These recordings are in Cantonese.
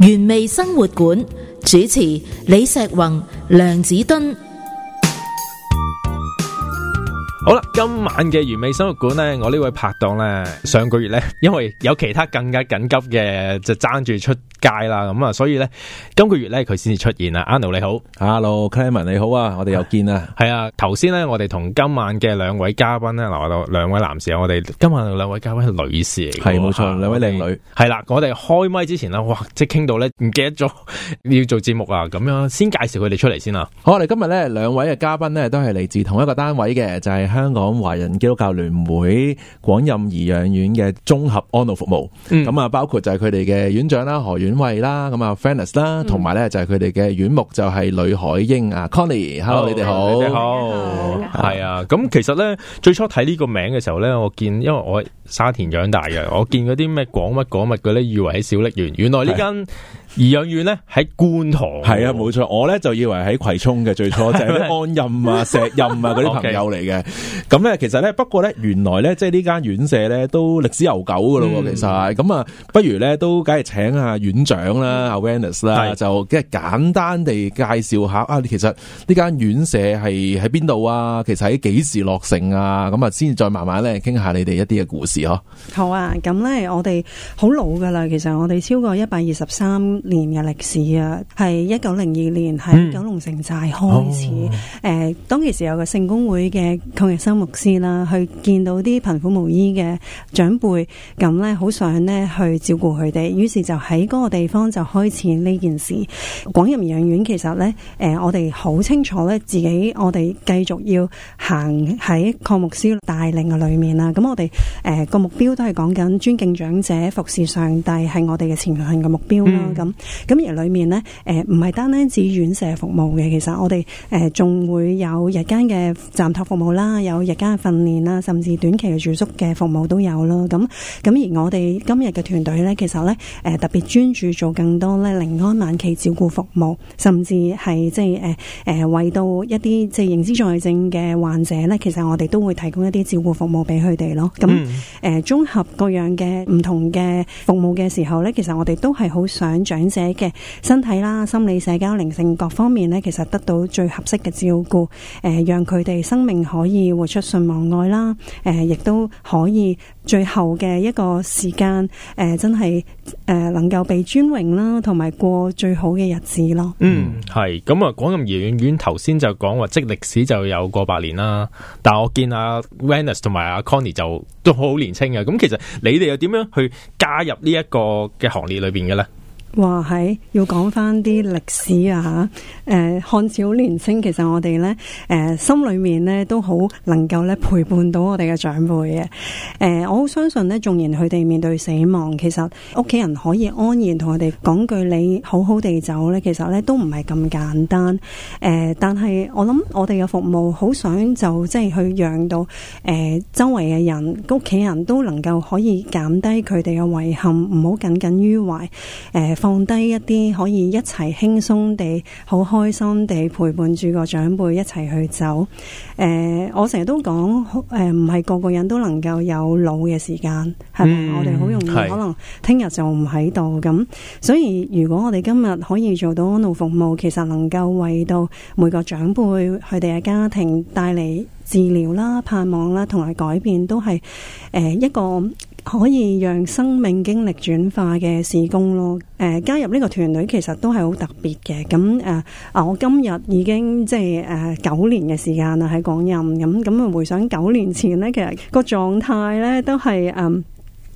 原味生活館主持李石宏、梁子敦。好啦，今晚嘅完美生活館咧，我呢位拍檔咧，上個月咧，因為有其他更加緊急嘅，就爭住出街啦，咁啊，所以咧，今個月咧佢先至出現啦。Anno 你好，Hello，Clement 你好啊，我哋又見啦，係啊，頭先咧我哋同今晚嘅兩位嘉賓咧，嗱我哋兩位男士啊，我哋今晚兩位嘉賓係女士嚟嘅，係冇錯，啊、兩位靚女，女，係啦、啊，我哋開麥之前咧，哇，即係傾到咧，唔記得咗 要做節目啊，咁樣先介紹佢哋出嚟先啦。好，我哋今日咧兩位嘅嘉賓咧都係嚟自同一個單位嘅，就係、是。香港華人基督教聯會廣蔭頤養院嘅綜合安老服務，咁啊、嗯、包括就係佢哋嘅院長啦，何遠慧啦，咁啊 Fennis 啦，同埋咧就係佢哋嘅院牧，就係、是、呂海英啊，Connie，Hello，你哋好，你好，係、嗯、啊，咁其實咧最初睇呢個名嘅時候咧，我見因為我沙田長大嘅，我見嗰啲咩廣物廣物嘅咧，以為喺小瀝源，原來呢間。頤養院咧喺觀塘，係 啊冇錯，我咧就以為喺葵涌嘅，最初就係安蔭啊、石蔭啊嗰啲朋友嚟嘅。咁咧 Okay. 其實咧，不過咧原來咧即係呢間院舍咧都歷史悠久噶咯、啊。其實咁啊，嗯、不如咧都梗係請下院長啦，阿 w a n u s 啦，就梗係簡單地介紹下啊。其實呢間院舍係喺邊度啊？其實喺幾時落成啊？咁啊先再，再慢慢咧傾下你哋一啲嘅故事嗬。好啊，咁咧我哋好老噶啦。其實我哋超過一百二十三。年嘅歷史啊，係一九零二年喺九龍城寨開始。誒、嗯 oh. 呃，當其時有個聖公會嘅鄺日修牧師啦，去見到啲貧苦無依嘅長輩，咁咧好想咧去照顧佢哋，於是就喺嗰個地方就開始呢件事。廣蔭頤養院其實咧，誒、呃，我哋好清楚咧，自己我哋繼續要行喺鄺牧師帶領嘅裏面啦。咁我哋誒、呃、個目標都係講緊尊敬長者、服侍上帝係我哋嘅前行嘅目標啦。咁、嗯咁而裏面呢，誒唔係單單指院舍服務嘅，其實我哋誒仲會有日間嘅暫託服務啦，有日間嘅訓練啦，甚至短期嘅住宿嘅服務都有咯。咁咁而我哋今日嘅團隊呢，其實呢，誒、呃、特別專注做更多呢寧安晚期照顧服務，甚至係即係誒誒為到一啲即係認知在症嘅患者，呢其實我哋都會提供一啲照顧服務俾佢哋咯。咁誒綜合各樣嘅唔同嘅服務嘅時候呢，其實我哋都係好想象，長者嘅身體啦、心理、社交、靈性各方面呢，其實得到最合適嘅照顧，誒、呃，讓佢哋生命可以活出順望愛啦，誒、呃，亦都可以最後嘅一個時間，誒、呃，真係誒、呃，能夠被尊榮啦，同埋過最好嘅日子咯、嗯。嗯，係，咁啊，廣蔭頤養院頭先就講話，即歷史就有過百年啦，但我見阿 Venus 同埋阿 Connie 就都好年輕嘅，咁其實你哋又點樣去加入呢一個嘅行列裏邊嘅呢？話哇要講翻啲歷史啊吓，誒，看似好年輕，其實我哋呢，誒、啊，心裏面呢都好能夠咧陪伴到我哋嘅長輩嘅，誒、啊，我好相信呢，縱然佢哋面對死亡，其實屋企人可以安然同佢哋講句你好好地走呢，其實呢都唔係咁簡單，誒、啊，但係我諗我哋嘅服務好想就即係去讓到，誒、啊，周圍嘅人、屋企人都能夠可以減低佢哋嘅遺憾，唔好耿耿於懷，誒、啊。放低一啲可以一齊輕鬆地、好開心地陪伴住個長輩一齊去走。誒、呃，我成日都講，誒、呃，唔係個個人都能夠有老嘅時間，係咪？嗯、我哋好容易可能聽日就唔喺度咁。所以如果我哋今日可以做到安老服務，其實能夠為到每個長輩，佢哋嘅家庭帶嚟治療啦、盼望啦，同埋改變，都係誒、呃、一個。可以讓生命經歷轉化嘅事工咯。誒、呃，加入呢個團隊其實都係好特別嘅，咁誒、呃，我今日已經即係誒、呃、九年嘅時間啦，喺廣蔭，咁咁啊回想九年前呢，其實個狀態呢都係誒。呃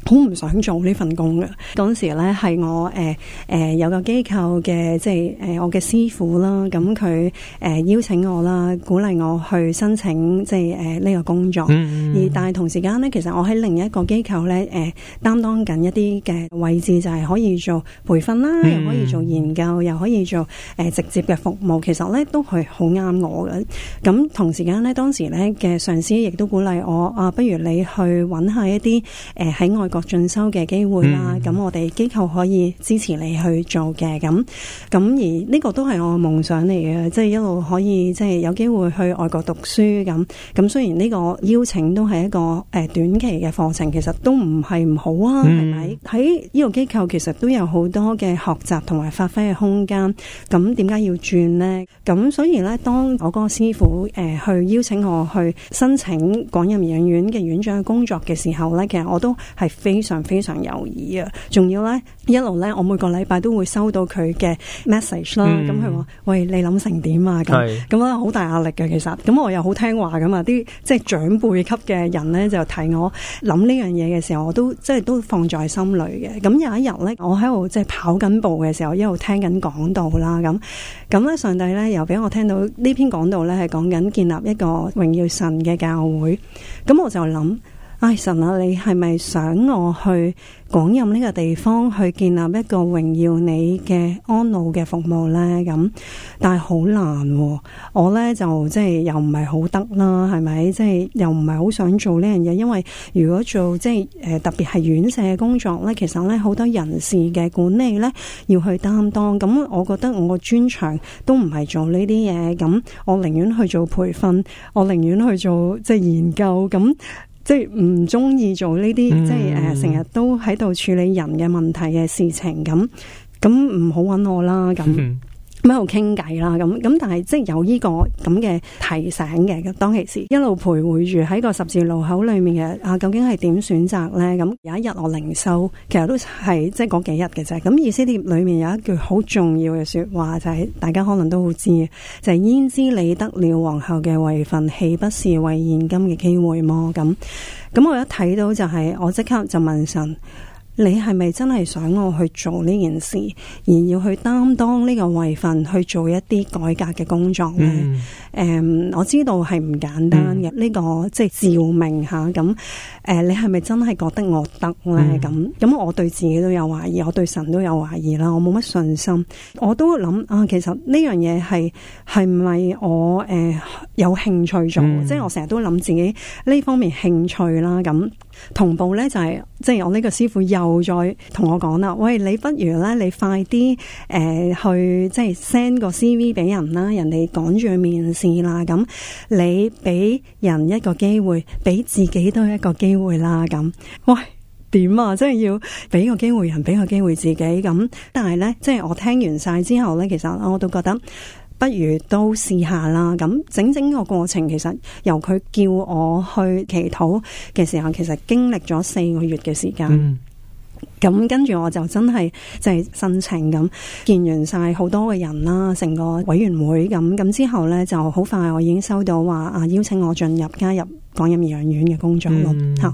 好唔想做呢份工嘅嗰陣時咧，係我誒誒，有個機構嘅，即係誒、呃、我嘅師傅啦。咁佢誒邀請我啦，鼓勵我去申請即係誒呢個工作嗯嗯嗯而。而但係同時間咧，其實我喺另一個機構咧誒擔當緊一啲嘅位置，就係可以做培訓啦，嗯嗯又可以做研究，又可以做誒、呃、直接嘅服務，其實咧都係好啱我嘅。咁同時間咧，當時咧嘅上司亦都鼓勵我啊，不如你去揾下一啲誒喺外國進修嘅機會啦，咁、嗯、我哋機構可以支持你去做嘅，咁咁而呢個都係我嘅夢想嚟嘅，即、就、係、是、一路可以即係、就是、有機會去外國讀書咁。咁雖然呢個邀請都係一個誒、呃、短期嘅課程，其實都唔係唔好啊，係咪、嗯？喺呢個機構其實都有好多嘅學習同埋發揮嘅空間。咁點解要轉呢？咁所以呢，當我嗰個師傅誒、呃、去邀請我去申請廣蔭頤養院嘅院，院長嘅工作嘅時候呢，其實我都係。非常非常猶豫啊！仲要呢一路呢，我每個禮拜都會收到佢嘅 message 啦。咁佢話：喂，你諗成點啊？咁咁咧，好是大壓力嘅。其實，咁我又好聽話噶嘛。啲即係長輩級嘅人呢，就提我諗呢樣嘢嘅時候，我都即係都放在心裏嘅。咁有一日呢，我喺度即係跑緊步嘅時候，一路聽緊講道啦。咁咁咧，上帝呢，又俾我聽到呢篇講道呢，係講緊建立一個榮耀神嘅教會。咁我就諗。哎，神啊，你係咪想我去廣蔭呢個地方去建立一個榮耀你嘅安老嘅服務呢？咁但係好難，哦，我呢就即係又唔係好得啦，係咪？即係又唔係好想做呢樣嘢，因為如果做即係、呃、特別係院舍工作呢，其實呢好多人事嘅管理呢要去擔當。咁我覺得我個專長都唔係做呢啲嘢，咁我寧願去做培訓，我寧願去做即係研究咁。即係唔中意做呢啲， 即係誒，成、呃、日都喺度處理人嘅問題嘅事情，咁咁唔好搵我啦，咁。 喺度傾偈啦，咁咁，但係即係有呢個咁嘅提醒嘅。咁當其時一路徘徊住喺個十字路口裏面嘅啊，究竟係點選擇呢？咁有一日我靈修，其實都係即係嗰幾日嘅啫。咁《以斯帖記》裏面有一句好重要嘅說話，就係、是、大家可能都好知，就係、是、焉知你得了皇后嘅位份，豈不是為現今嘅機會麼？咁咁、就是，我一睇到就係我即刻就問神。你係咪真係想我去做呢件事，而要去擔當呢個位份去做一啲改革嘅工作咧？誒、嗯，um, 我知道係唔簡單嘅，呢、嗯呢個即係照明吓，咁、嗯。誒你係咪真係覺得我得咧？咁咁、嗯，嗯、我對自己都有懷疑，我對神都有懷疑啦，我冇乜信心。我都諗啊，其實呢樣嘢係係唔係我誒、呃、有興趣做？嗯、即係我成日都諗自己呢方面興趣啦。咁同步咧就係、是、即係我呢個師傅又。冇再同我講啦，喂，你不如咧，你快啲誒、呃、去即係 send 個 CV 俾人啦，人哋趕住去面試啦，咁你俾人一個機會，俾自己都一個機會啦，咁喂點啊？即係要俾個機會人，俾個機會自己咁。但係呢，即係我聽完晒之後呢，其實我都覺得不如都試下啦。咁整整個過程，其實由佢叫我去祈禱嘅時候，其實經歷咗四個月嘅時間。嗯咁跟住我就真係就係申請，咁見完晒好多嘅人啦，成個委員會咁，咁之後呢，就好快我已經收到話啊，邀請我進入加入。講頤養院嘅工作咯，吓、嗯嗯、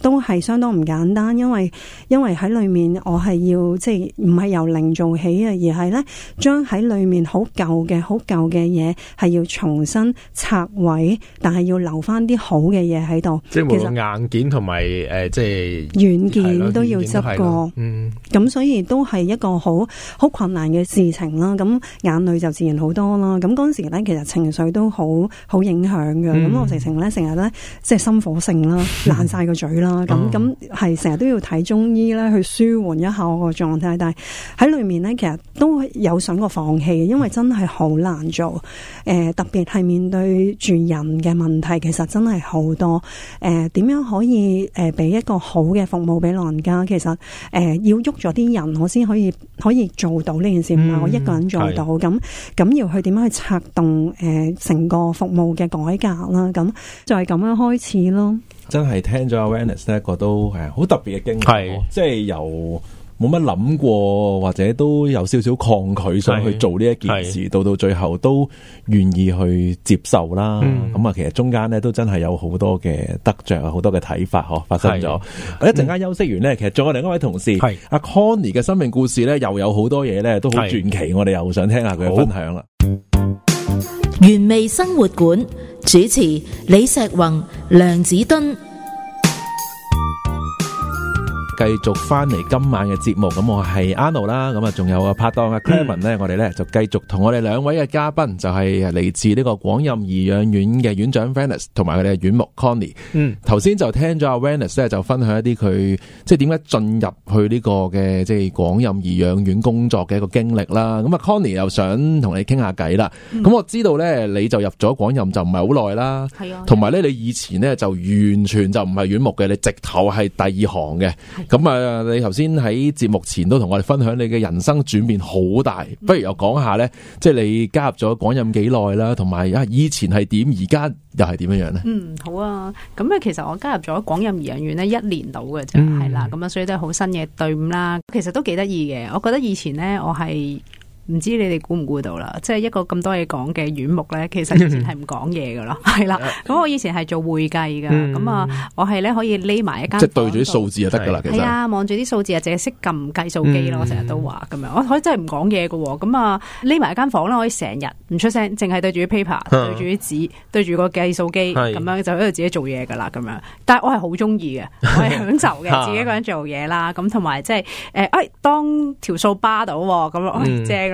都係相當唔簡單，因為因為喺裏面我係要即係唔係由零做起啊，而係咧將喺裏面好舊嘅好舊嘅嘢係要重新拆毀，但係要留翻啲好嘅嘢喺度。即係硬件同埋誒，即係軟件都要執過。咁、嗯嗯、所以都係一個好好困難嘅事情啦。咁、嗯嗯、眼淚就自然好多啦。咁、嗯、嗰時咧，其實情緒都好好影響嘅。咁我成成咧成日咧。嗯嗯嗯即係心火盛啦，爛晒個嘴啦，咁咁係成日都要睇中醫咧，去舒緩一下我個狀態。但係喺裏面咧，其實都有想過放棄，因為真係好難做。誒、呃，特別係面對住人嘅問題，其實真係好多。誒、呃，點樣可以誒俾、呃、一個好嘅服務俾老人家？其實誒、呃、要喐咗啲人，我先可以可以做到呢件事，唔係、嗯、我一個人做到。咁咁的要去點樣去策動誒成、呃、個服務嘅改革啦？咁就係咁樣。開始咯，真係聽咗阿 Wennis 呢一個都誒，好特別嘅經歷，即係由冇乜諗過，或者都有少少抗拒想去做呢一件事，到是到最後都願意去接受啦。咁啊、嗯，其實中間咧都真係有好多嘅得着，好多嘅睇法嗬，發生咗。我一陣間休息完咧，嗯、其實仲有另一位同事阿是 Connie 嘅生命故事咧，又有好多嘢咧，都好傳奇。是我哋又想聽下佢嘅分享啦。原味生活館主持李錫宏、梁子敦。繼續翻嚟今晚嘅節目，咁我係 Anu 啦，咁啊仲有啊拍檔啊 Kevin 咧，我哋咧就繼續同我哋兩位嘅嘉賓，就係嚟、就是、自呢個廣蔭頤養院嘅院長 Vanessa 同埋佢哋嘅院牧 Connie。嗯，頭先就聽咗阿 Vanessa 咧，就分享一啲佢即係點解進入去呢個嘅即係廣蔭頤養院工作嘅一個經歷啦。咁、嗯、啊 Connie 又想同你傾下偈啦。咁、mm. 我知道咧，你就入咗廣蔭就唔係好耐啦，係啊、mm.，同埋咧你以前咧就完全就唔係院牧嘅，你直頭係第二行嘅。Mm. 咁啊、嗯！你頭先喺節目前都同我哋分享你嘅人生轉變好大，不如又講下咧，即係你加入咗廣蔭幾耐啦，同埋啊以前係點，而家又係點樣樣咧？嗯，好啊！咁啊，其實我加入咗廣蔭頤養院咧一年到嘅啫，係啦、嗯，咁啊，所以都係好新嘅隊伍啦。其實都幾得意嘅，我覺得以前咧我係。唔知你哋估唔估到啦？即係一個咁多嘢講嘅軟木咧，其實以前係唔講嘢噶咯，係啦。 咁我以前係做會計噶，咁、嗯、啊，我係咧可以匿埋一間，即係對住啲數字就得噶啦。係啊，望住啲數字，啊，淨係識撳計數機咯。我成日都話咁樣，我可以真係唔講嘢噶。咁啊，匿埋一間房啦，可以成日唔出聲，淨係對住啲 paper、啊、對住啲紙，對住個計數機咁樣就喺度自己做嘢噶啦。咁樣，但係我係好中意嘅， 我係享受嘅，自己一個人做嘢啦。咁同埋即係誒，誒、就是欸，當條數巴到咁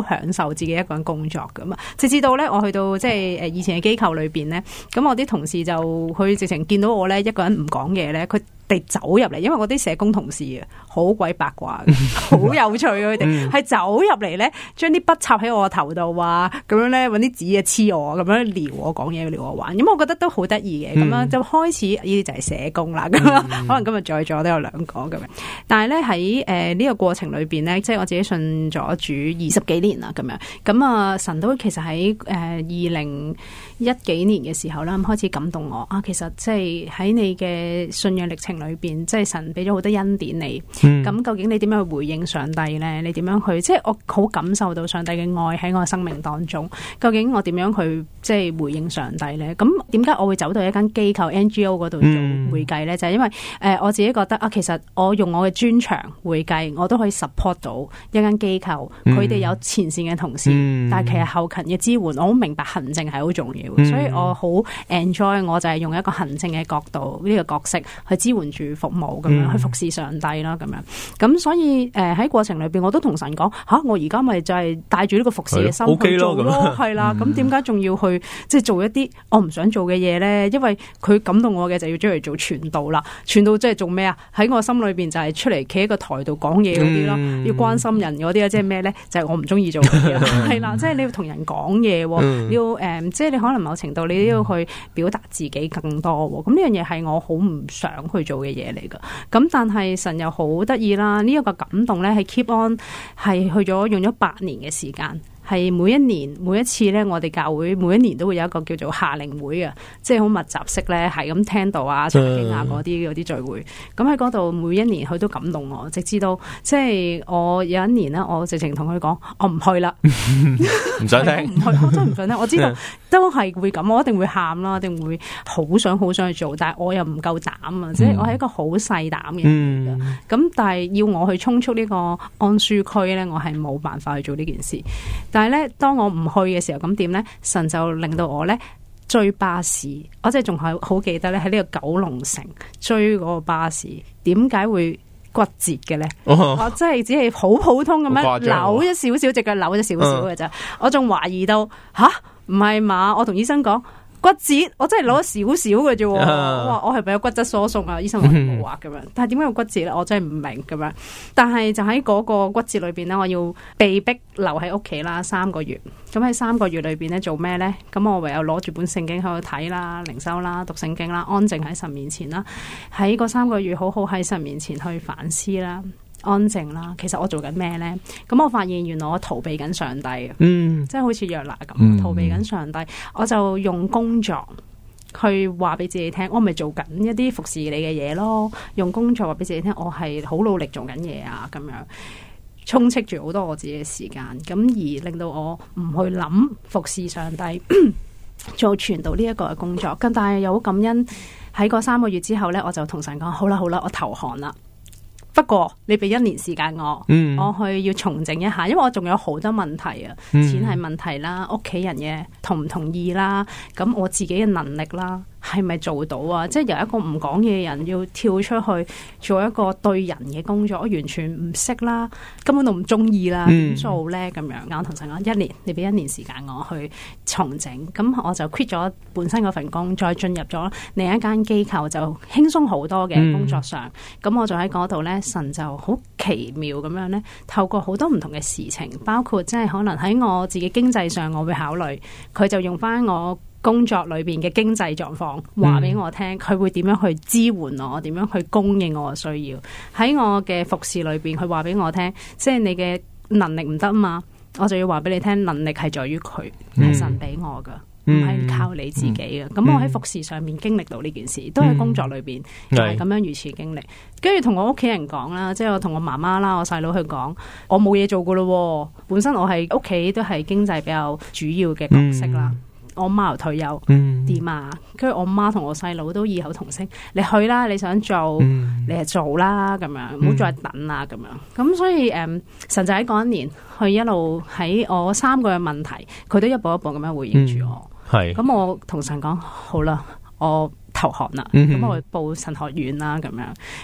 好享受自己一個人工作噶嘛，直至到咧我去到即係誒以前嘅機構裏邊咧，咁我啲同事就去直情見到我咧一個人唔講嘢咧，佢。係走入嚟，因為我啲社工同事啊，好鬼八卦，好 有趣啊！佢哋係走入嚟咧，將啲筆插喺我頭度，話咁樣咧，搵啲紙啊黐我，咁樣撩我講嘢，撩我玩。咁我覺得都好得意嘅，咁、嗯、樣就開始呢啲就係社工啦。咁、嗯嗯、樣可能今日在座都有兩個咁樣。但係咧喺誒呢、呃這個過程裏邊咧，即係我自己信咗主二十幾年啦，咁樣咁啊神都其實喺誒、呃、二零一幾年嘅時候啦，開始感動我啊。其實即係喺你嘅信仰歷程。裏邊即係神俾咗好多恩典你，咁、嗯、究竟你點樣去回應上帝咧？你點樣去、嗯、即係我好感受到上帝嘅愛喺我生命當中，究竟我點樣去即係回應上帝咧？咁點解我會走到一間機構 NGO 度做會計咧？嗯、就係因為誒、呃、我自己覺得啊，其實我用我嘅專長會計，我都可以 support 到一間機構，佢哋、嗯、有前線嘅同事，嗯、但係其實後勤嘅支援，我好明白行政係好重要，嗯、所以我好 enjoy，我就係用一個行政嘅角度呢、這個角色去支援。住服務咁樣去服侍上帝啦，咁樣咁所以誒喺、呃、過程裏邊，我都同神講吓、啊，我而家咪就係帶住呢個服侍嘅心去做咯，係啦了。咁點解仲要去即係、就是、做一啲我唔想做嘅嘢咧？因為佢感動我嘅就要將嚟做傳道啦，傳道即係做咩啊？喺我心裏邊就係出嚟企喺個台度講嘢嗰啲咯，嗯、要關心人嗰啲啊，即係咩咧？就係、是、我唔中意做嘅嘢，係啦，即係你要同人講嘢，要誒，即係你可能某程度你都要去表達自己更多。咁呢樣嘢係我好唔想去做。做嘅嘢嚟噶，咁但係神又好得意啦，呢一個感動咧係 keep on 係去咗用咗八年嘅時間。係每一年每一次咧，我哋教會每一年都會有一個叫做夏令會啊，即係好密集式咧，係咁聽到啊、查經啊嗰啲嗰啲聚會。咁喺嗰度每一年佢都感動我，直至到即係我有一年咧，我直情同佢講，我唔去啦，唔 想聽，唔 去，我真係唔想聽。我知道都係會咁，我一定會喊啦，一定會好想好想去做，但係我又唔夠膽啊，即係我係一個好細膽嘅人。咁、嗯、但係要我去衝出呢個安舒區咧，我係冇辦法去做呢件事，但。係咧，當我唔去嘅時候，咁點咧？神就令到我咧追巴士，我即係仲係好記得咧，喺呢個九龍城追個巴士，點解會骨折嘅咧？我真係只係好普通咁樣扭一少少隻腳，扭一少少嘅咋，我仲懷疑到吓，唔係嘛？我同醫生講。骨折，我真係攞少少嘅啫。我話我係咪有骨質疏鬆啊？醫生話冇啊咁樣。但係點解有骨折咧？我真係唔明咁樣。但係就喺嗰個骨折裏邊咧，我要被逼留喺屋企啦，三個月。咁喺三個月裏邊咧做咩咧？咁我唯有攞住本聖經喺度睇啦、靈修啦、讀聖經啦、安靜喺神面前啦，喺嗰三個月好好喺神面前去反思啦。安靜啦，其實我做緊咩？咧？咁我發現原來我逃避緊上帝，嗯，即係好似約拿咁，嗯、逃避緊上帝。嗯、我就用工作去話俾自己聽，我咪做緊一啲服侍你嘅嘢咯。用工作話俾自己聽，我係好努力做緊嘢啊，咁樣充斥住好多我自己嘅時間，咁而令到我唔去諗服侍上帝 做傳道呢一個嘅工作。咁但係又好感恩喺個三個月之後咧，我就同神講：好啦好啦，我投降啦。不過你俾一年時間我，我去要重整一下，因為我仲有好多問題啊，錢係問題啦，屋企人嘅同唔同意啦，咁我自己嘅能力啦。係咪做到啊？即係由一個唔講嘢嘅人，要跳出去做一個對人嘅工作，我完全唔識啦，根本都唔中意啦，做咧咁樣。我同神講：一年，你俾一年時間我去重整。咁我就 quit 咗本身嗰份工，再進入咗另一間機構，就輕鬆好多嘅工作上。咁、嗯、我就喺嗰度咧，神就好奇妙咁樣咧，透過好多唔同嘅事情，包括即係可能喺我自己經濟上我會考慮，佢就用翻我。工作裏邊嘅經濟狀況，話俾我聽，佢會點樣去支援我？點樣去供應我嘅需要？喺我嘅服侍裏邊，佢話俾我聽，即係你嘅能力唔得嘛？我就要話俾你聽，能力係在於佢，係、嗯、神俾我噶唔係、嗯、靠你自己噶。咁、嗯、我喺服侍上面經歷到呢件事，都係工作裏邊就係咁樣如此經歷。是跟住同我屋企人講啦，即係我同我媽媽啦，我細佬去講，我冇嘢做噶咯本身我係屋企都係經濟比較主要嘅角色啦。嗯我媽又退休，點啊？跟住我媽同我細佬都異口同聲：嗯、你去啦，你想做，嗯、你就做啦，咁樣唔好、嗯、再等啦，咁樣。咁所以，誒、嗯、神仔喺嗰一年，佢一路喺我三個嘅問題，佢都一步一步咁樣回應住我。係、嗯，咁我同神講：好啦，我。投降、嗯、哼啦，咁我去報神學院啦，咁樣，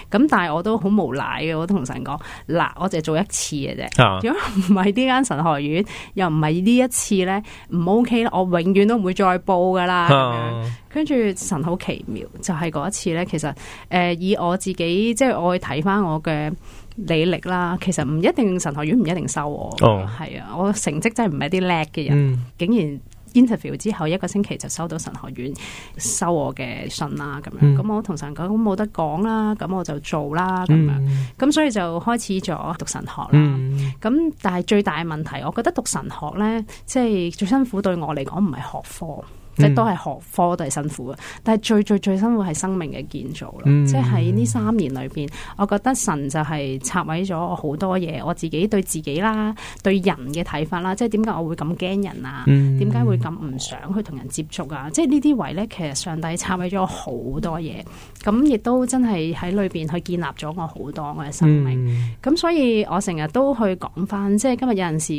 咁但係我都好無賴嘅，我都同神講，嗱，我就係做一次嘅啫，啊、如果唔係呢間神學院，又唔係呢一次咧，唔 OK，我永遠都唔會再報噶啦。跟住、啊、神好奇妙，就係、是、嗰一次咧。其實，誒、呃，以我自己，即係我去睇翻我嘅履歷啦，其實唔一定神學院唔一定收我，係、哦、啊，我成績真係唔係啲叻嘅人，嗯、竟然。interview 之後一個星期就收到神學院收我嘅信啦，咁樣，咁我同神講冇得講啦，咁我就做啦，咁樣，咁所以就開始咗讀神學啦。咁，嗯，但係最大嘅問題，我覺得讀神學咧，即係最辛苦對我嚟講，唔係學科。即都係學科都係辛苦嘅，但係最最最辛苦係生命嘅建造咯。嗯、即係喺呢三年裏邊，我覺得神就係拆毀咗我好多嘢，我自己對自己啦，對人嘅睇法啦，即係點解我會咁驚人啊？點解、嗯、會咁唔想去同人接觸啊？即係呢啲位咧，其實上帝拆毀咗好多嘢，咁亦都真係喺裏邊去建立咗我好多我嘅生命。咁、嗯、所以，我成日都去講翻，即係今日有陣時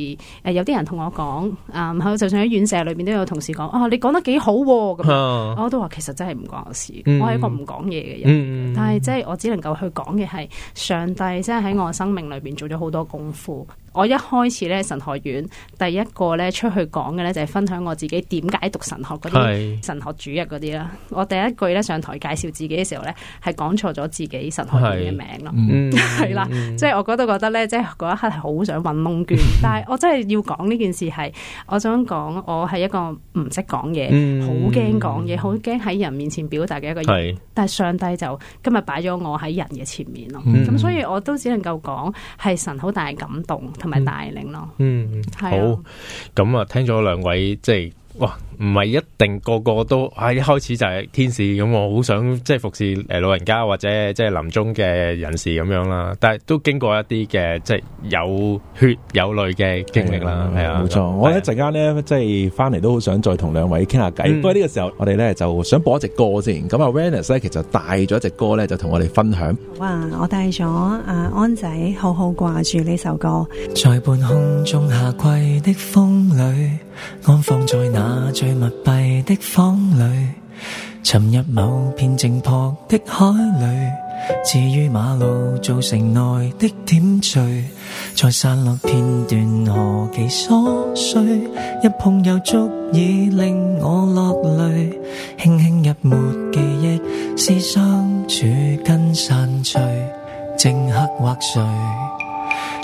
誒有啲人同我講啊，咁、嗯，就算喺院舍裏邊都有同事講哦、啊、你講得幾好咁、啊，oh. 我都話其實真係唔關我事，mm. 我係一個唔講嘢嘅人，mm. 但係即係我只能夠去講嘅係上帝，即係喺我嘅生命裏邊做咗好多功夫。我一開始咧神學院第一個咧出去講嘅咧就係分享我自己點解讀神學嗰啲是神學主義嗰啲啦。我第一句咧上台介紹自己嘅時候咧係講錯咗自己神學院嘅名咯，係啦，即係、嗯、 我嗰度覺得咧，即係嗰一刻係好想搵窿捐， 但係我真係要講呢件事係，我想講我係一個唔識講嘢，好驚講嘢，好驚喺人面前表達嘅一個人，是但係上帝就今日擺咗我喺人嘅前面咯，咁、嗯嗯、所以我都只能夠講係神好大嘅感動。同埋大齡咯，嗯，嗯，好，咁啊，聽咗兩位即係。哇，唔係一定個個都喺，啊、一開始就係天使咁，我好想即係服侍誒老人家或者即係臨終嘅人士咁樣啦。但係都經過一啲嘅即係有血有淚嘅經歷啦。係啊，冇錯。我一陣間咧即係翻嚟都好想再同兩位傾下偈。嗯、不過呢個時候我哋咧就想播一隻歌先。咁啊，Venus 咧其實帶咗一隻歌咧就同我哋分享。好，我帶咗誒安仔好好掛住呢首歌。在半空中下跪的風裏。安放在那最密閉的房裏，沉入某片靜泊的海裏，置於馬路造成愛的點綴，在散落片段何其瑣碎，一碰又足以令我落淚，輕輕一抹記憶是相處跟散聚，正刻畫誰。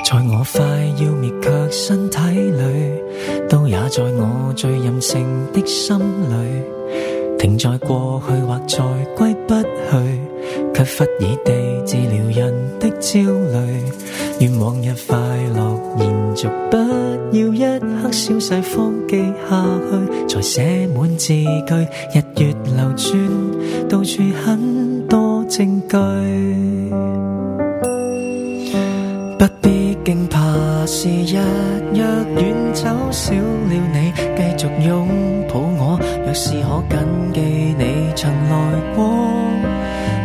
在我快要滅卻身體裏，都也在我最任性的心裏，停在過去或再歸不去，卻忽爾地治療人的焦慮，願往日快樂延續，不要一刻消逝方記下去，才寫滿字句，日月流轉，到處很多證據。若是日若遠走少了你繼續擁抱我，若是可緊記你曾來過，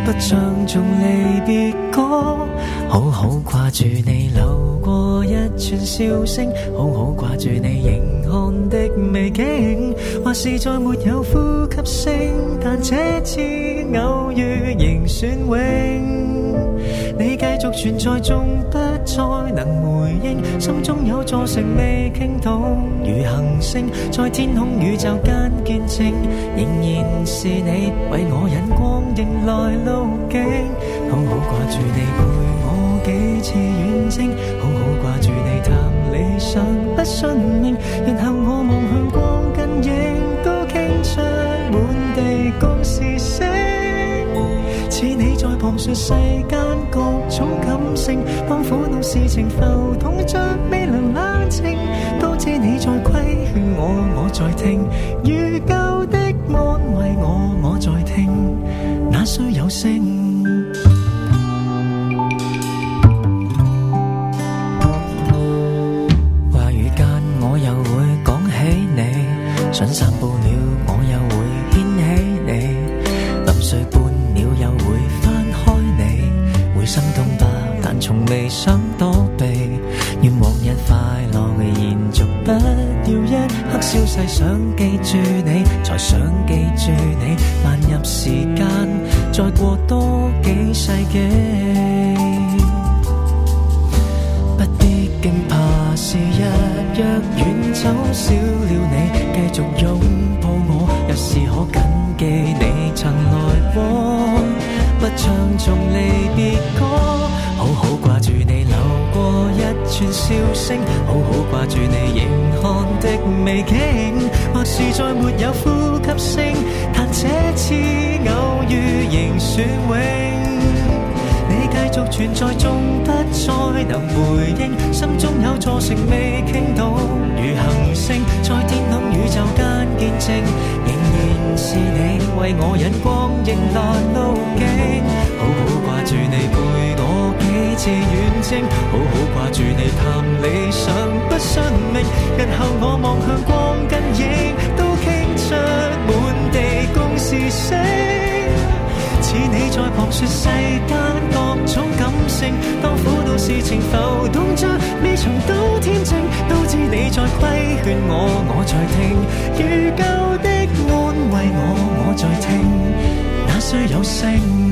不像重離別歌，好好掛住你流過一串笑聲，好好掛住你凝看的美景，或是再沒有呼吸聲，但這次偶遇仍算永。繼續存在，仲不再能回應，心中有座城未傾倒，如行星在天空宇宙間見證，仍然是你為我引光迎來路徑，好好掛住你陪我幾次遠征，好好掛住你談理想不信命，然後我望向光跟影都傾出滿地共事聲，似你在旁説世間，各種感性，當苦惱事情浮動着，未能冷靜，都知你在規勸我，我在聽，如舊的安慰我，我在聽，那需有聲。了你繼續擁抱我，若是可緊記你曾來過，不唱重離別歌。好好掛住你留過一串笑聲，好好掛住你凝看的美景。或是再沒有呼吸聲，但這次偶遇仍算永。續存在，縱不再能回應，心中有座城未傾倒，到如行星在天空宇宙間見證，仍然是你為我引光迎難路徑，好好掛住你陪我幾次遠征，好好掛住你談理想不信命，日後我望向光跟影，都傾出滿地共是星。似你在旁說世間各種感性，當苦惱事情浮動着，未曾到天證，都知你在規勸我，我在聽，如舊的安慰我，我在聽，那需有聲。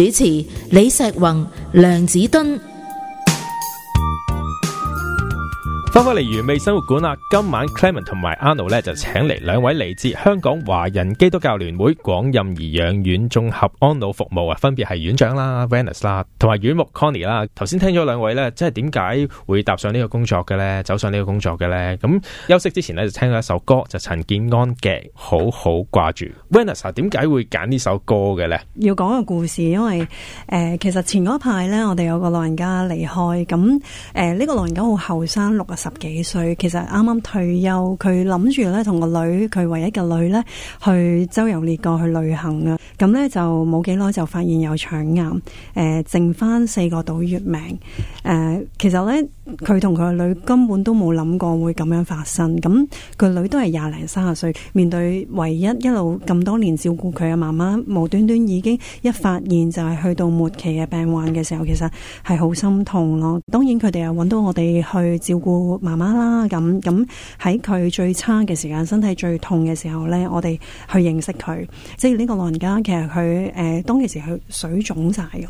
主持李石宏、梁子敦。翻返嚟原味生活館啦，今晚 Clement 同埋 Arnold 咧就請嚟兩位嚟自香港華人基督教聯會廣蔭頤養院綜合安老服務啊，分別係院長啦，Vanessa 啦，同埋院牧 Conny 啦。頭先聽咗兩位咧，即係點解會踏上呢個工作嘅咧，走上呢個工作嘅咧。咁、嗯、休息之前咧就聽咗一首歌，就是、陳建安嘅《好好掛住》。Vanessa 點解會揀呢首歌嘅咧？要講個故事，因為誒、呃，其實前嗰一排咧，我哋有個老人家離開，咁誒，呢、呃這個老人家好後生，六啊十幾歲，其實啱啱退休，佢諗住咧同個女，佢唯一嘅女咧去周遊列國去旅行啊！咁咧就冇幾耐就發現有腸癌，誒、呃，剩翻四個到月命，誒、呃，其實咧佢同佢個女根本都冇諗過會咁樣發生，咁個女都係廿零三十歲，面對唯一一路咁多年照顧佢嘅媽媽，無端端已經一發現就係去到末期嘅病患嘅時候，其實係好心痛咯。當然佢哋又搵到我哋去照顧。媽媽啦，咁咁喺佢最差嘅時間，身體最痛嘅時候咧，我哋去認識佢，即係呢個老人家，其實佢誒、呃，當其時佢水腫晒嘅。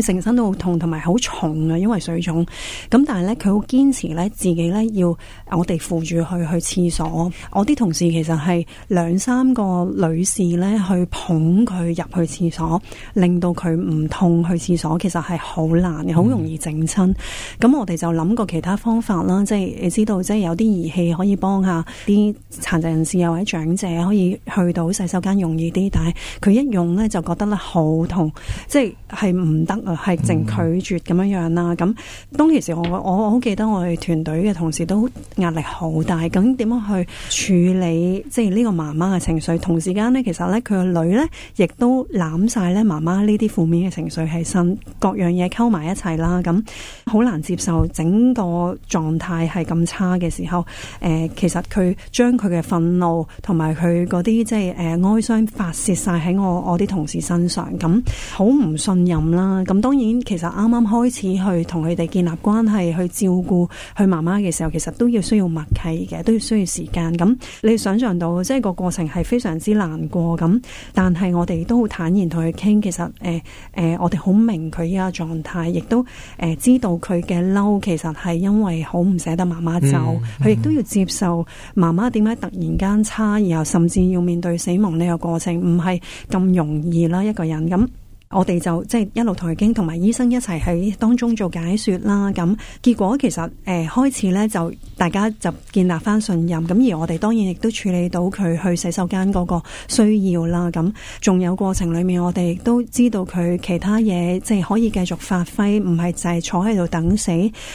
成身都好痛，同埋好重啊！因為水腫，咁但係咧，佢好堅持咧，自己咧要我哋扶住去去廁所。我啲同事其實係兩三個女士咧，去捧佢入去廁所，令到佢唔痛去廁所。其實係好難，好容易整親。咁、嗯、我哋就諗過其他方法啦，即係你知道即係有啲儀器可以幫下啲殘疾人士又或者長者可以去到洗手間容易啲，但係佢一用咧就覺得咧好痛，即係係唔得。係淨拒絕咁樣樣啦，咁當其時我我好記得我哋團隊嘅同事都壓力好大，咁點樣去處理即係呢個媽媽嘅情緒？同時間咧，其實咧佢個女咧亦都攬晒咧媽媽呢啲負面嘅情緒喺身，各樣嘢溝埋一齊啦，咁好難接受整個狀態係咁差嘅時候，誒、呃，其實佢將佢嘅憤怒同埋佢嗰啲即係誒、呃、哀傷發泄晒喺我我啲同事身上，咁好唔信任啦。嗯咁當然，其實啱啱開始去同佢哋建立關係，去照顧佢媽媽嘅時候，其實都要需要默契嘅，都要需要時間。咁你想象到，即係個過程係非常之難過。咁但係我哋都好坦然同佢傾，其實誒誒、呃呃，我哋好明佢依家狀態，亦都誒、呃、知道佢嘅嬲，其實係因為好唔捨得媽媽走，佢亦、嗯嗯、都要接受媽媽點解突然間差異，然後甚至要面對死亡呢個過程，唔係咁容易啦，一個人咁。 我哋就即係一路同佢傾同埋醫生一齊喺當中做解說啦。咁結果其實誒、呃、開始咧就大家就建立翻信任。咁而我哋當然亦都處理到佢去洗手間嗰個需要啦。咁仲有過程裏面，我哋亦都知道佢其他嘢即係可以繼續發揮，唔係就係坐喺度等死。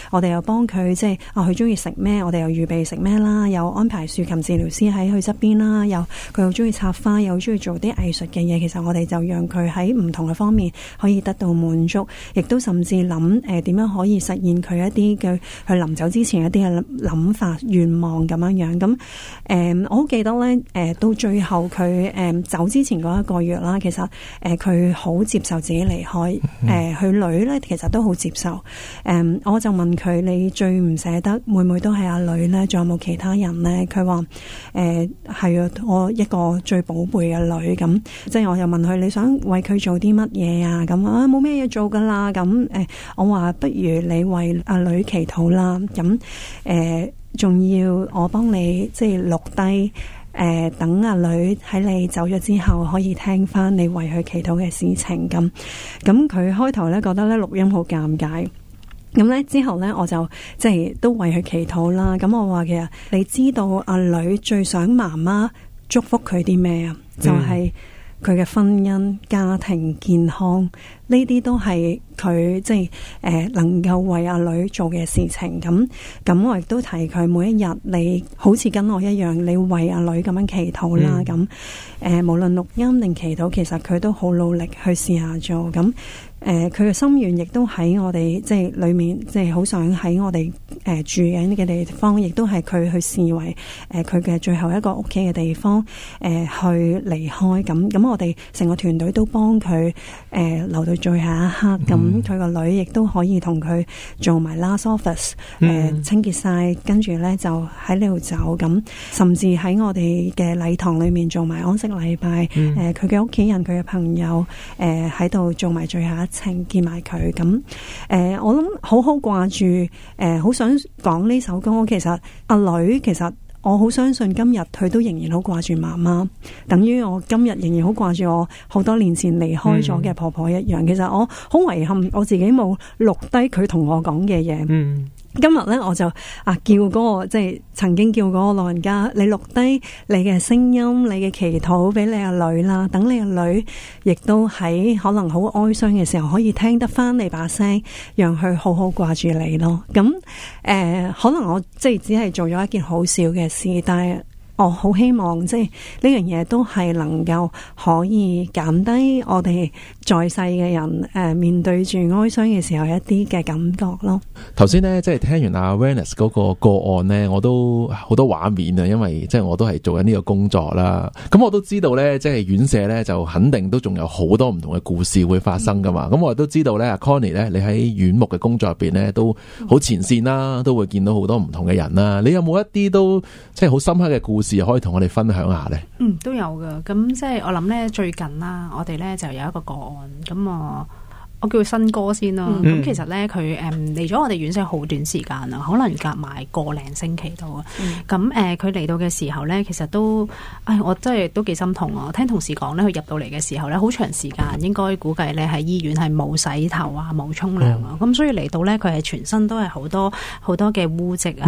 我哋又幫佢即係啊，佢中意食咩，我哋又預備食咩啦？又安排豎琴治療師喺佢側邊啦。又佢好中意插花，又好中意做啲藝術嘅嘢。其實我哋就讓佢喺唔同嘅方。方面可以得到滿足，亦都甚至諗誒點樣可以實現佢一啲嘅佢臨走之前一啲嘅諗法、願望咁樣樣。咁誒、呃，我好記得咧，誒、呃、到最後佢誒、呃、走之前嗰一個月啦，其實誒佢好接受自己離開。誒、呃、佢女咧，其實都好接受。誒、呃，我就問佢：你最唔捨得妹妹都係阿女咧？仲有冇其他人咧？佢話：誒、呃、係啊，我一個最寶貝嘅女。咁即係我又問佢：你想為佢做啲乜？嘢啊，咁啊冇咩嘢做㗎喇，咁、嗯、誒，我話不如你為阿女祈禱啦，咁、嗯、誒，仲、嗯、要我幫你即係錄低誒，等阿女喺你走咗之後可以聽返你為佢祈禱嘅事情咁，咁、嗯、佢、嗯嗯、開頭咧覺得咧錄音好尷尬，咁、嗯、咧之後咧我就即係都為佢祈禱啦，咁、嗯、我話其實你知道阿女最想媽媽祝福佢啲咩啊，就係、是。嗯佢嘅婚姻、家庭、健康呢啲都係佢即係誒、呃，能夠為阿女做嘅事情。咁咁我亦都提佢，每一日你好似跟我一樣，你為阿女咁樣祈禱啦。咁誒、嗯呃，無論錄音定祈禱，其實佢都好努力去試下做咁。誒佢嘅心願亦都喺我哋即係裏面，即係好想喺我哋誒、呃、住緊嘅地方，亦都係佢去視為誒佢嘅最後一個屋企嘅地方。誒、呃、去離開咁，咁我哋成個團隊都幫佢誒留到最後一刻。咁佢個女亦都可以同佢做埋 last office，誒、mm. 呃、清潔晒，跟住咧就喺呢度走。咁甚至喺我哋嘅禮堂裏面做埋安息禮拜。誒佢嘅屋企人、佢嘅朋友誒喺度做埋最後一。情見埋佢咁，誒、呃，我諗好好掛住，誒、呃，好想講呢首歌。其實阿女，其實我好相信今日佢都仍然好掛住媽媽，等於我今日仍然好掛住我好多年前離開咗嘅婆婆一樣。嗯、其實我好遺憾，我自己冇錄低佢同我講嘅嘢。嗯。今日咧，我就啊叫嗰、那個即係曾經叫嗰個老人家，你錄低你嘅聲音、你嘅祈禱俾你阿女啦，等你阿女亦都喺可能好哀傷嘅時候，可以聽得翻你把聲，讓佢好好掛住你咯。咁誒、呃，可能我即係只係做咗一件好小嘅事，但我好、哦、希望即係呢樣嘢都係能夠可以減低我哋在世嘅人誒、呃、面對住哀傷嘅時候一啲嘅感覺咯。頭先咧即係聽完阿 Vanessa 嗰個個案咧，我都好多畫面啊，因為即係我都係做緊呢個工作啦。咁我都知道咧，即係院舍咧就肯定都仲有好多唔同嘅故事會發生噶嘛。咁、嗯嗯、我亦都知道咧，Conny 咧，你喺院牧嘅工作入邊咧都好前線啦，都會見到好多唔同嘅人啦。你有冇一啲都即係好深刻嘅故事？事可以同我哋分享下呢？嗯，都有㗎，咁即係我諗呢，最近啦，我哋呢就有一個個案，咁我。我叫新哥先啦，咁其實咧佢誒嚟咗我哋院舍好短時間啊，可能隔埋個零星期到、嗯嗯嗯、啊。咁誒佢嚟到嘅時候咧，其實都唉，我真係都幾心痛啊！聽同事講咧，佢入到嚟嘅時候咧，好長時間應該估計咧喺醫院係冇洗頭啊、冇沖涼啊，咁、嗯嗯、所以嚟到咧佢係全身都係好多好多嘅污跡啊，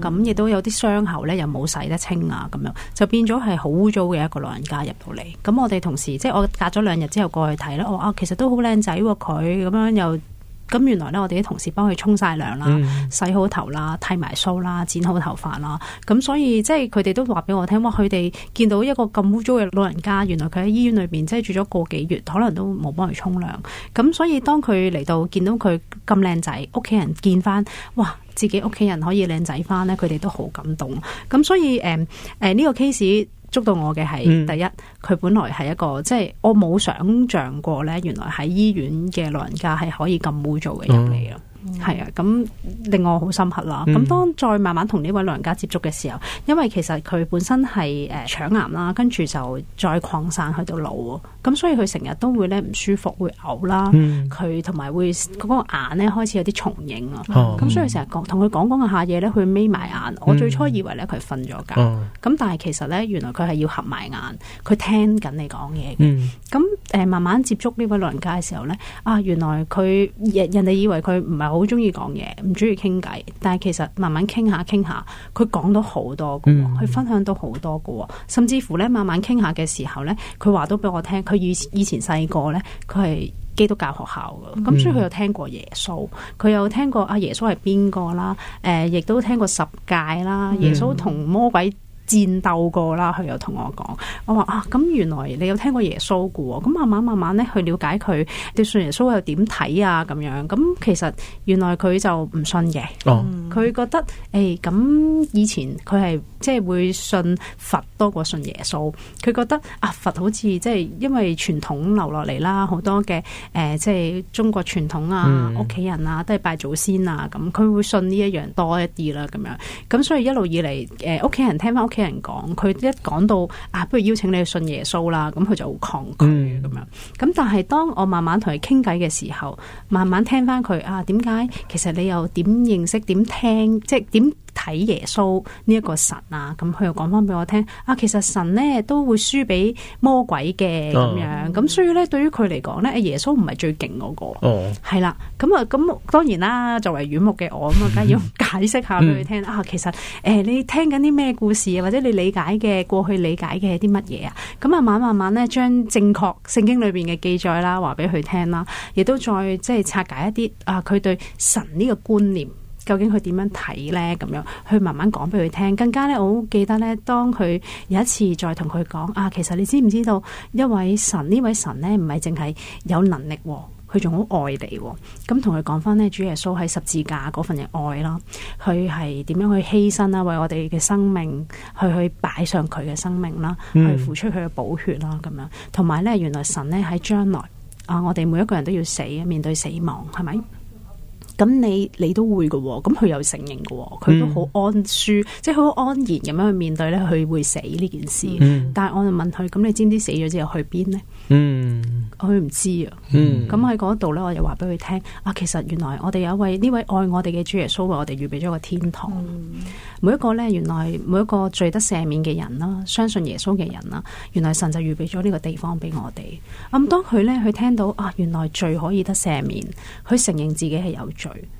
咁亦都有啲傷口咧又冇洗得清啊，咁樣就變咗係好污糟嘅一個老人家入到嚟。咁我哋同事即係我隔咗兩日之後過去睇咧，我、哦、啊其實都好靚仔喎。佢咁樣又咁，原來咧，我哋啲同事幫佢沖晒涼啦，嗯、洗好頭啦，剃埋鬚啦，剪好頭髮啦，咁所以即係佢哋都話俾我聽，哇！佢哋見到一個咁污糟嘅老人家，原來佢喺醫院裏邊即係住咗個幾月，可能都冇幫佢沖涼。咁所以當佢嚟到見到佢咁靚仔，屋企人見翻，哇！自己屋企人可以靚仔翻咧，佢哋都好感動。咁所以誒誒呢個 case。捉到我嘅係、嗯、第一，佢本來係一個即係、就是、我冇想象過咧，原來喺醫院嘅老人家係可以咁污糟嘅入嚟咯。嗯係、嗯、啊、咁、嗯、令我好深刻啦。咁、嗯、當再慢慢同呢位老人家接觸嘅時候，因為其實佢本身係誒腸癌啦，跟住就再擴散去到腦，咁、啊、所以佢成日都會咧唔舒服，會嘔啦。佢同埋會嗰、嗰個眼咧開始有啲重影啊。咁、嗯、所以成日講，同佢講講下嘢咧，佢眯埋眼。我最初以為咧佢瞓咗覺，咁、嗯嗯、但係其實咧原來佢係要合埋眼，佢聽緊你講嘢。咁誒、嗯嗯嗯嗯嗯、慢慢接觸呢位老人家嘅時候咧、啊、啊、原來佢人人哋以為佢唔係。好中意講嘢，唔中意傾偈。但係其實慢慢傾下傾下，佢講到好多嘅，佢分享到好多嘅，甚至乎咧慢慢傾下嘅時候咧，佢話都俾我聽。佢以前以前細個咧，佢係基督教學校嘅，咁所以佢有聽過耶穌，佢有聽過阿耶穌係邊個啦，誒，亦都聽過十誡啦，耶穌同魔鬼戰鬥過啦，佢又同我講，我話啊，咁原來你有聽過耶穌嘅喎，咁慢慢慢慢咧去了解佢對信耶穌又點睇啊，咁樣咁其實原來佢就唔信嘅，佢、哦嗯、覺得誒咁、欸、以前佢係即係會信佛多過信耶穌，佢覺得啊佛好似即係因為傳統流落嚟啦，好多嘅誒、呃、即係中國傳統啊，屋企人啊都係拜祖先啊，咁佢、嗯、會信呢一樣多一啲啦，咁樣咁所以一路以嚟誒屋企人聽翻屋啲人講，佢一講到啊，不如邀請你去信耶穌啦，咁佢就好抗拒咁、嗯、樣。咁但係當我慢慢同佢傾偈嘅時候，慢慢聽翻佢啊，點解其實你又點認識、點聽，即係點？睇耶穌呢一個神啊，咁佢又講翻俾我聽啊，其實神咧都會輸俾魔鬼嘅咁樣，咁、啊嗯、所以咧對於佢嚟講咧，耶穌唔係最勁嗰、那個，係啦、哦，咁啊，咁當然啦，作為院牧嘅我咁啊，梗係要解釋下俾佢聽、嗯嗯、啊，其實誒、呃、你聽緊啲咩故事，或者你理解嘅過去理解嘅啲乜嘢啊，咁啊，慢慢慢咧將正確聖經裏邊嘅記載啦話俾佢聽啦，亦都再即係拆解一啲啊，佢對神呢個觀念。究竟佢點樣睇呢？咁樣去慢慢講俾佢聽，更加咧，我好記得咧，當佢有一次再同佢講啊，其實你知唔知道一位神呢位神咧，唔係淨係有能力、哦，佢仲好愛你、哦，咁同佢講翻呢，主耶穌喺十字架嗰份嘅愛啦，佢係點樣去犧牲啦，為我哋嘅生命去去擺上佢嘅生命啦，嗯、去付出佢嘅寶血啦，咁樣，同埋咧，原來神咧喺將來啊，我哋每一個人都要死啊，面對死亡，係咪？咁你你都會噶、哦，咁佢又承認噶、哦，佢都好安舒，嗯、即係好安然咁樣去面對咧，佢會死呢件事。嗯、但係我就問佢，「咁你知唔知死咗之後去邊呢？」嗯，佢唔知啊。嗯，咁喺嗰度咧，我又話俾佢聽啊，其實原來我哋有一位呢位愛我哋嘅主耶穌，為我哋預備咗一個天堂。嗯、每一個咧，原來每一個罪得赦免嘅人啦，相信耶穌嘅人啦，原來神就預備咗呢個地方俾我哋。咁、嗯、當佢咧，佢聽到啊，原來罪可以得赦免，佢承認自己係有。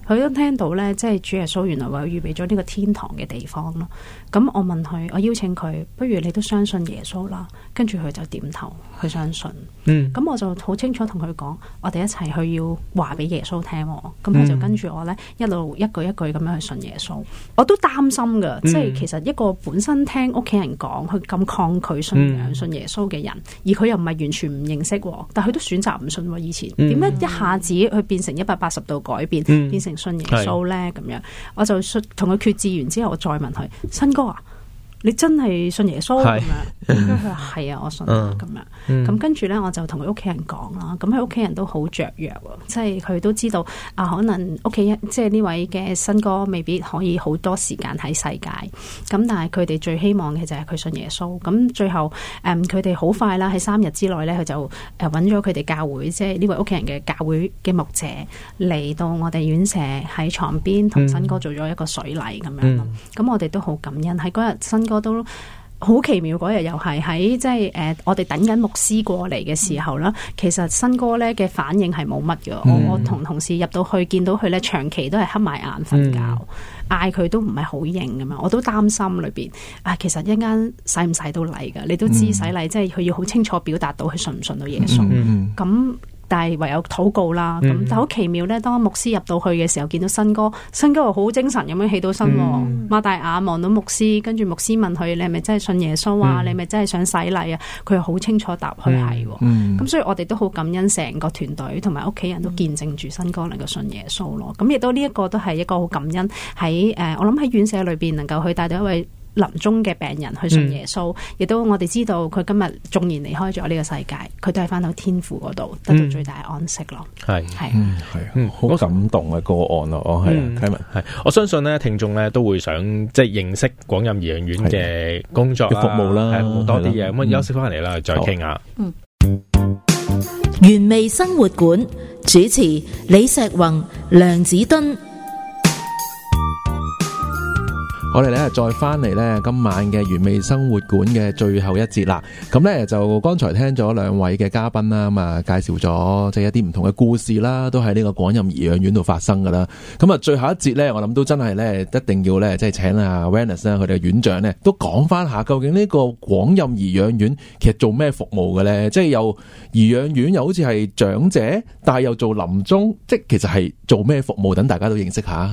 佢都聽到咧，即係主耶穌原來話佢預備咗呢個天堂嘅地方咯。咁我問佢，我邀請佢，不如你都相信耶穌啦。跟住佢就點頭，佢相信。嗯。咁我就好清楚同佢講，我哋一齊去要話俾耶穌聽。咁佢就跟住我咧，一路一句一句咁樣去信耶穌。我都擔心噶，嗯、即係其實一個本身聽屋企人講，佢咁抗拒信仰、嗯、信耶穌嘅人，而佢又唔係完全唔認識，但佢都選擇唔信。以前點解一下子佢變成一百八十度改變？變成信耶穌咧咁樣，我就信同佢決志完之後，我再問佢，新哥啊。你真係信耶穌咁是樣？佢係 啊，我信咁、啊、樣。咁、嗯、跟住咧，我就同佢屋企人講啦。咁佢屋企人都好雀躍喎，即係佢都知道啊。可能屋企即係呢位嘅新哥未必可以好多時間喺世界。咁但係佢哋最希望嘅就係佢信耶穌。咁最後，誒佢哋好快啦，喺三日之內咧，佢就誒揾咗佢哋教會，即係呢位屋企人嘅教會嘅牧者嚟到我哋院舍，喺床邊同新哥做咗一個水禮咁樣。咁、嗯嗯、我哋都好感恩喺嗰日新哥。我都好奇妙，嗰日又係喺即係誒、呃，我哋等緊牧師過嚟嘅時候啦。嗯、其實新哥咧嘅反應係冇乜嘅。嗯、我同同事入到去見到佢咧，長期都係黑埋眼瞓覺，嗌佢、嗯、都唔係好應噶嘛。我都擔心裏邊啊，其實一間使唔使到禮噶，你都知洗禮、嗯、即係佢要好清楚表達到佢信唔信到耶穌。咁、嗯嗯嗯嗯但係唯有禱告啦，咁但係好奇妙咧，當牧師入到去嘅時候，見到新哥，新哥好精神咁樣起到身，擘、嗯、大眼望到牧師，跟住牧師問佢：你係咪真係信耶穌啊？嗯、你係咪真係想洗禮啊？佢又好清楚答佢係，咁、嗯嗯、所以我哋都好感恩成個團隊同埋屋企人都見證住新哥能夠信耶穌咯。咁亦都呢一個都係一個好感恩喺誒，我諗喺院舍裏邊能夠去帶到一位。臨終嘅病人去信耶穌，嗯、亦都我哋知道佢今日縱然離開咗呢個世界，佢都係翻到天父嗰度得到最大嘅安息咯。係係係，好是、嗯、感動嘅個案咯、啊，哦係、嗯。係，我相信呢，聽眾呢都會想即係認識廣蔭頤養院嘅工作、啊、服務啦，多啲嘢。咁、嗯、我休息翻嚟啦，嗯、再傾下。嗯嗯、原味生活館主持李石宏、梁子敦。我哋咧再翻嚟咧今晚嘅原味生活館嘅最後一節啦，咁咧就剛才聽咗兩位嘅嘉賓啦，咁啊介紹咗即係一啲唔同嘅故事啦，都喺呢個廣蔭頤養院度發生噶啦。咁啊最後一節咧，我諗都真係咧一定要咧即係請阿 Vanessa 啊，佢哋嘅院長咧都講翻下，究竟呢個廣蔭頤養院其實做咩服務嘅咧？即係又頤養院又好似係長者，但係又做臨終，即其實係做咩服務？等大家都認識下。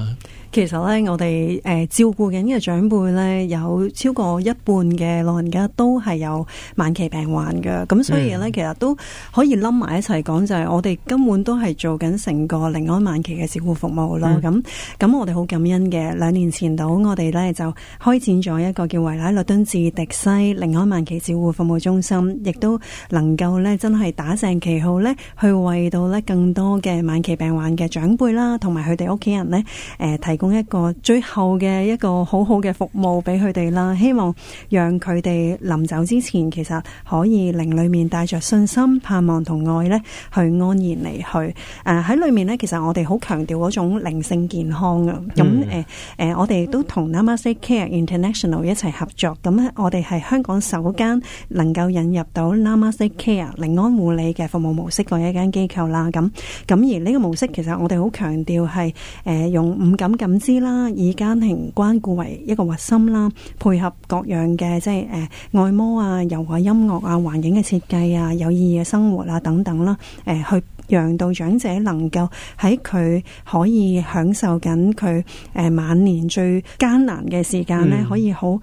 其實呢，我哋誒照顧緊嘅長輩呢，有超過一半嘅老人家都係有晚期病患嘅，咁所以呢，其實都可以冧埋一齊講，就係我哋根本都係做緊成個寧安晚期嘅照顧服務咯。咁咁，我哋好感恩嘅。兩年前度，我哋呢就開展咗一個叫維拉律敦治迪西寧安晚期照顧服務中心，亦都能夠呢，真係打正旗號呢，去為到呢更多嘅晚期病患嘅長輩啦，同埋佢哋屋企人呢。誒提供一個最後嘅一個好好嘅服務俾佢哋啦，希望讓佢哋臨走之前，其實可以靈裡面帶著信心、盼望同愛咧，去安然離去。誒喺裡面咧，其實我哋好強調嗰種靈性健康啊。咁誒誒，我哋都同 Namaste Care International 一齊合作。咁咧，我哋係香港首間能夠引入到 Namaste Care 寧安護理嘅服務模式嘅一間機構啦。咁咁而呢個模式，其實我哋好強調係誒用五感嘅。總之啦，以家庭關顧為一個核心啦，配合各樣嘅即係誒、呃、按摩啊、遊啊、音樂啊、環境嘅設計啊、有意義嘅生活啊等等啦、啊，誒、呃、去讓到長者能夠喺佢可以享受緊佢誒晚年最艱難嘅時間呢，嗯、可以好誒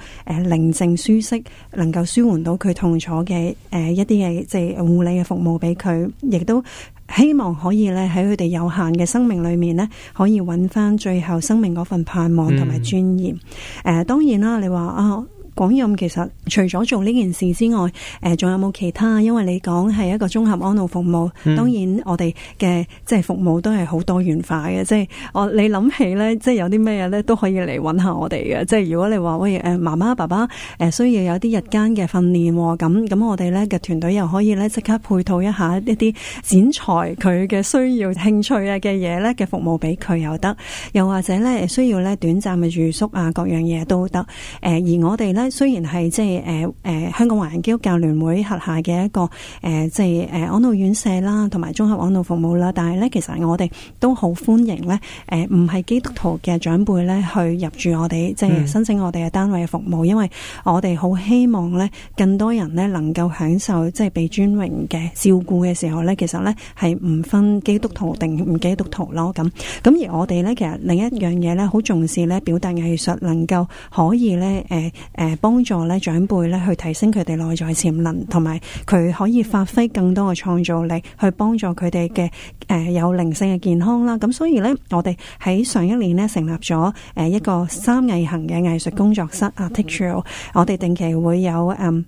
寧靜舒適，能夠舒緩到佢痛楚嘅誒一啲嘅即係護理嘅服務俾佢，亦都。希望可以咧喺佢哋有限嘅生命裏面咧，可以揾翻最後生命嗰份盼望同埋尊嚴。誒、呃，當然啦，你話啊。哦廣蔭其實除咗做呢件事之外，誒、呃、仲有冇其他？因為你講係一個綜合安老服務，嗯、當然我哋嘅即係服務都係好多元化嘅、嗯。即係哦你諗起咧，即係有啲咩咧都可以嚟搵下我哋嘅。即係如果你話喂誒媽媽爸爸誒、呃、需要有啲日間嘅訓練，咁、呃、咁，我哋咧嘅團隊又可以咧即刻配套一下一啲剪裁佢嘅需要興趣啊嘅嘢咧嘅服務俾佢又得，又或者咧需要咧短暫嘅住宿啊，各樣嘢都得。誒、呃、而我哋咧。呃雖然係即係誒誒香港華人基督教聯會轄下嘅一個誒即係誒安老院舍啦，同埋綜合安老服務啦，但係咧其實我哋都好歡迎咧誒唔係基督徒嘅長輩咧去入住我哋，即係申請我哋嘅單位嘅服務，因為我哋好希望咧更多人咧能夠享受即係被尊榮嘅照顧嘅時候咧，其實咧係唔分基督徒定唔基督徒咯咁。咁而我哋咧其實另一樣嘢咧好重視咧，表達藝術能夠可以咧誒誒。呃呃呃幫助咧長輩咧去提升佢哋內在潛能，同埋佢可以發揮更多嘅創造力，去幫助佢哋嘅誒有靈性嘅健康啦。咁所以呢，我哋喺上一年咧成立咗誒、呃、一個三藝行嘅藝術工作室啊，Take s h o，我哋定期會有誒。嗯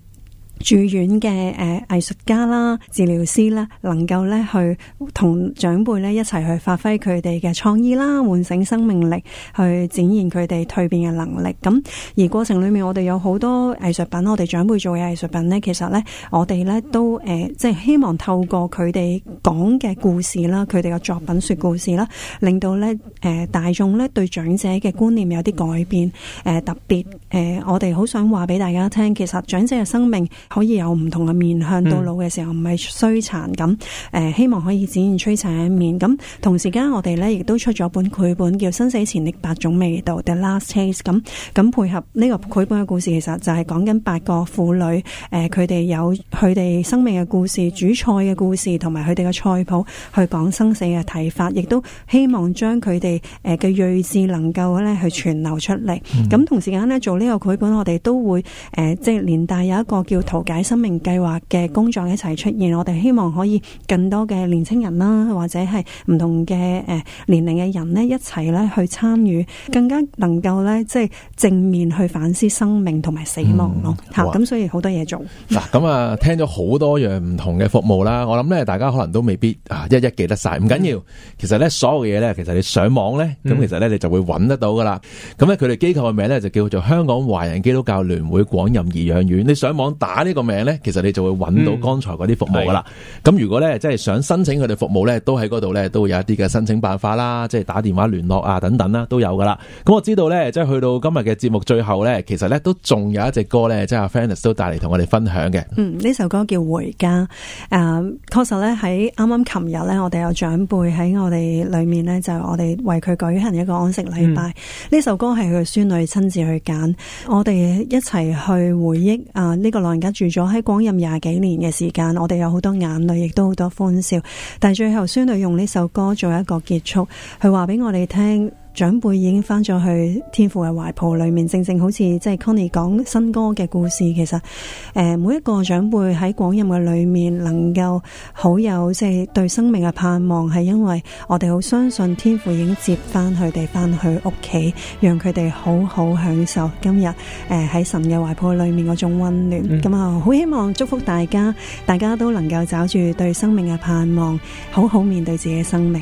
住院嘅誒、呃、藝術家啦、治療師啦，能夠呢去同長輩呢一齊去發揮佢哋嘅創意啦，喚醒生命力，去展現佢哋蛻變嘅能力。咁而過程裏面，我哋有好多藝術品，我哋長輩做嘅藝術品呢，其實呢，我哋呢都誒、呃，即係希望透過佢哋講嘅故事啦，佢哋嘅作品説故事啦，令到呢誒、呃、大眾呢對長者嘅觀念有啲改變。誒、呃、特別誒、呃，我哋好想話俾大家聽，其實長者嘅生命，可以有唔同嘅面向，到老嘅時候唔係衰殘咁。誒、呃，希望可以展現摧殘一面。咁、嗯、同時間，我哋咧亦都出咗本繪本叫《生死前的八種味道》（The Last Taste）、嗯。咁、嗯、咁、嗯、配合呢個繪本嘅故事，其實就係講緊八個婦女。誒、呃，佢哋有佢哋生命嘅故事、煮菜嘅故事，同埋佢哋嘅菜譜，去講生死嘅睇法，亦都希望將佢哋誒嘅睿智能夠咧去傳流出嚟。咁、嗯嗯、同時間咧做呢個繪本，我哋都會誒、呃，即係連帶有一個叫解生命計劃嘅工作一齊出現，我哋希望可以更多嘅年輕人啦，或者係唔同嘅誒年齡嘅人呢，一齊咧去參與，更加能夠咧即係正面去反思生命同埋死亡咯。吓咁，所以好多嘢做嗱咁啊，聽咗好多樣唔同嘅服務啦，我諗咧大家可能都未必啊一一記得晒，唔緊要。嗯、其實咧所有嘢咧，其實你上網咧，咁、嗯、其實咧你就會揾得到噶啦。咁咧佢哋機構嘅名咧就叫做香港華人基督教聯會廣蔭頤養院。你上網打。呢個名咧，其實你就會揾到剛才嗰啲服務噶啦。咁、嗯、如果咧，即係想申請佢哋服務咧，都喺嗰度咧，都會有一啲嘅申請辦法啦，即係打電話聯絡啊，等等啦，都有噶啦。咁我知道咧，即係去到今日嘅節目最後咧，其實咧都仲有一隻歌咧，即係阿 Ferns 都帶嚟同我哋分享嘅。嗯，呢首歌叫《回家》。誒，確實咧喺啱啱琴日咧，我哋有長輩喺我哋裡面咧，就係，我哋為佢舉行一個安息禮拜。呢、嗯、首歌係佢個孫女親自去揀，我哋一齊去回憶啊！呢、uh, 個老人家。住咗喺廣蔭廿幾年嘅時間，我哋有好多眼淚，亦都好多歡笑，但係最後孫女用呢首歌做一個結束，佢話俾我哋聽。長輩已經翻咗去天父嘅懷抱裏面，正正好似即係 Connie 講新歌嘅故事。其實，誒，每一個長輩喺廣蔭嘅裏面，能夠好有即係對生命嘅盼望，係因為我哋好相信天父已經接翻佢哋翻去屋企，讓佢哋好好享受今日誒喺神嘅懷抱裏面嗰種溫暖。咁啊、嗯，好希望祝福大家，大家都能夠找住對生命嘅盼望，好，好好面對自己嘅生命。